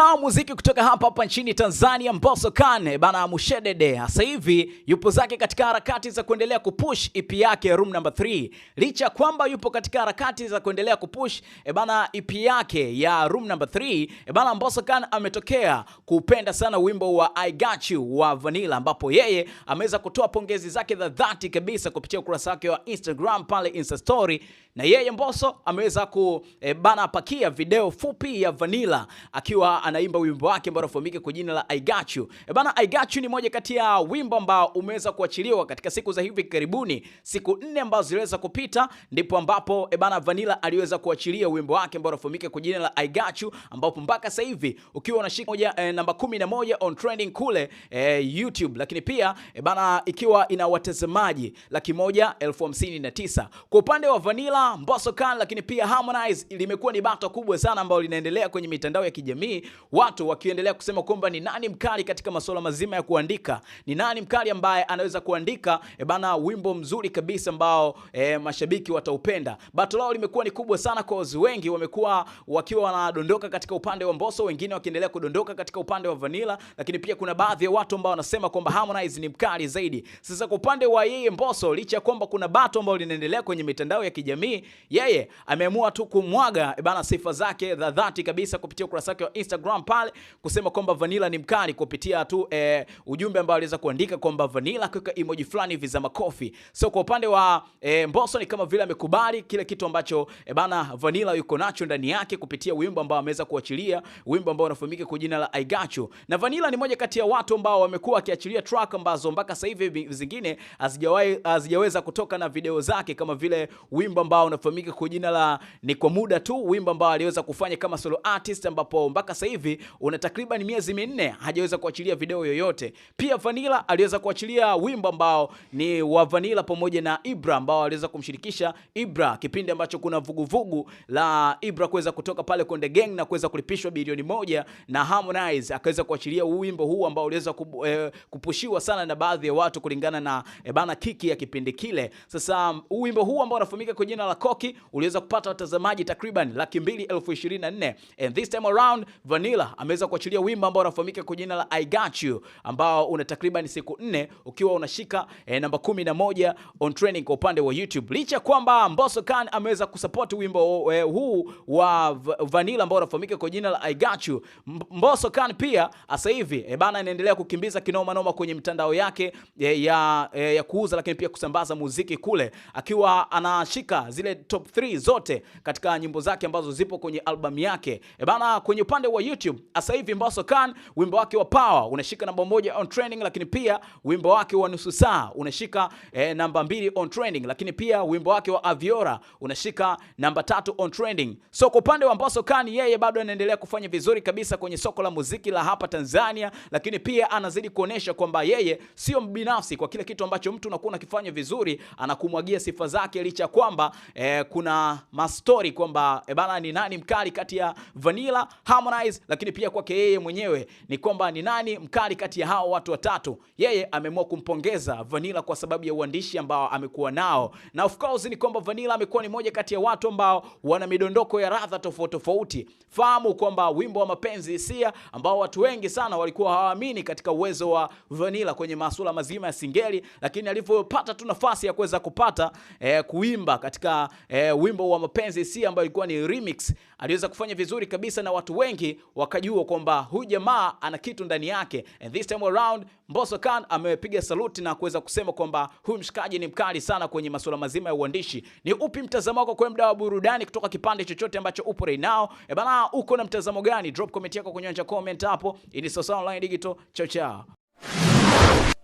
Star muziki kutoka hapa hapa nchini Tanzania, Mbosso Kane bana Mushedede sasa hivi yupo zake katika harakati za kuendelea kupush EP yake Room Number 3. Licha kwamba yupo katika harakati za kuendelea kupush eh, e bana EP yake ya Room Number 3, e eh, bana Mbosso Kane ametokea kupenda sana wimbo wa I Got You wa Vanilla, ambapo yeye ameweza kutoa pongezi zake za dhati kabisa kupitia ukurasa wake wa Instagram pale Insta story, na yeye Mbosso ameweza ku e bana pakia video fupi ya Vanilla akiwa anaimba wimbo wake ambao unafahamika kwa jina la I Got You. E bana, I Got You ni moja kati ya wimbo ambao umeweza kuachiliwa katika siku za hivi karibuni, siku nne ambazo ziliweza kupita, ndipo ambapo e bana Vanilla aliweza kuachilia wimbo wake ambao unafahamika kwa jina la I Got You, ambapo mpaka sasa hivi ukiwa unashika moja e, namba 11 on trending kule e, YouTube, lakini pia e bana ikiwa ina watazamaji laki moja elfu hamsini na tisa. Kwa upande wa Vanilla, Mbosso Khan, lakini pia Harmonize limekuwa ni bato kubwa sana ambao linaendelea kwenye mitandao ya kijamii watu wakiendelea kusema kwamba ni nani mkali katika masuala mazima ya kuandika, ni nani mkali ambaye anaweza kuandika e bana, wimbo mzuri kabisa ambao e, mashabiki wataupenda. Bato lao limekuwa ni kubwa sana kwa wazi, wengi wamekuwa wakiwa wanadondoka katika upande wa Mbosso, wengine wakiendelea kudondoka katika upande wa Vanilla, lakini pia kuna baadhi ya watu ambao wanasema kwamba Harmonize ni mkali zaidi. Sasa kwa upande wa yeye Mbosso, licha ya kwamba kuna bato ambao linaendelea kwenye mitandao ya kijamii, yeye ameamua tu kumwaga e bana sifa zake za dhati kabisa kupitia ukurasa wake wa Instagram Instagram pale kusema kwamba Vanilla ni mkali kupitia tu eh, ujumbe ambao aliweza kuandika kwamba Vanilla kaweka emoji fulani hivi za makofi. So kwa upande wa eh, Mbosso ni kama vile amekubali kile kitu ambacho eh, bana Vanilla yuko nacho ndani yake kupitia wimbo ambao ameweza kuachilia, wimbo ambao unafahamika kwa jina la I Got You. Na Vanilla ni moja kati ya watu ambao wamekuwa akiachilia track ambazo mpaka sasa hivi zingine hazijawahi hazijaweza kutoka na video zake kama vile wimbo ambao unafahamika kwa jina la ni kwa muda tu, wimbo ambao aliweza kufanya kama solo artist ambapo mpaka sasa hivi una takriban miezi minne hajaweza kuachilia video yoyote. Pia Vanilla aliweza kuachilia wimbo ambao ni wa Vanilla pamoja na Ibra ambao aliweza kumshirikisha Ibra kipindi ambacho kuna vuguvugu vugu la Ibra kuweza kutoka pale Konde Gang na kuweza kulipishwa bilioni moja na Harmonize akaweza kuachilia wimbo huu ambao uliweza eh, kupushiwa sana na baadhi ya watu kulingana na e, bana kiki ya kipindi kile. Sasa um, wimbo huu ambao unafahamika kwa jina la Koki uliweza kupata watazamaji takriban laki mbili elfu ishirini na nne and this time around Vanilla Vanilla ameweza kuachilia wimbo ambao unafahamika kwa jina la I Got You ambao una takriban siku nne ukiwa unashika eh, namba kumi na moja on trending kwa upande wa YouTube. Licha kwamba Mbosso Khan ameweza kusupport wimbo eh, huu wa Vanilla ambao unafahamika kwa jina la I Got You. Mbosso Khan pia ah, sasa hivi eh, bana anaendelea kukimbiza kinoma noma kwenye mitandao yake eh, ya, eh, ya kuuza lakini pia kusambaza muziki kule akiwa anashika zile top 3 zote katika nyimbo zake ambazo zipo kwenye albamu yake. Eh, bana kwenye upande wa YouTube. Sasa hivi Mbosso Khan wimbo wake wa Power unashika namba moja on trending, lakini pia wimbo wake wa nusu saa unashika eh, namba mbili on trending, lakini pia wimbo wake wa Aviora unashika namba tatu on trending. So kwa upande wa Mbosso Khan, yeye bado anaendelea kufanya vizuri kabisa kwenye soko la muziki la hapa Tanzania, lakini pia anazidi kuonesha kwamba yeye sio mbinafsi kwa kile kitu ambacho mtu anakuwa unakifanya vizuri, anakumwagia sifa zake licha kwamba eh, kuna mastori kwamba eh, bana ni nani mkali kati ya Vanilla Harmonize lakini pia kwake yeye mwenyewe ni kwamba ni nani mkali kati ya hao watu watatu. Yeye ameamua kumpongeza Vanilla kwa sababu ya uandishi ambao amekuwa nao, na of course ni kwamba Vanilla amekuwa ni moja kati ya watu ambao wana midondoko ya radha tofauti tofauti. Fahamu kwamba wimbo wa mapenzi hisia, ambao watu wengi sana walikuwa hawaamini katika uwezo wa Vanilla kwenye masuala mazima ya singeli, lakini alivyopata tu nafasi ya kuweza kupata eh, kuimba katika eh, wimbo wa mapenzi hisia ambao ilikuwa ni remix, aliweza kufanya vizuri kabisa na watu wengi wakajua kwamba huyu jamaa ana kitu ndani yake. And this time around Mbosso Khan amepiga saluti na kuweza kusema kwamba huyu mshikaji ni mkali sana kwenye masuala mazima ya uandishi. Ni upi mtazamo wako kwa mda wa burudani kutoka kipande chochote ambacho upo right now? E bana, uko na mtazamo gani? Drop comment yako kwenye anja comment hapo. Ini Sawasawa Online Digital. Chao chao.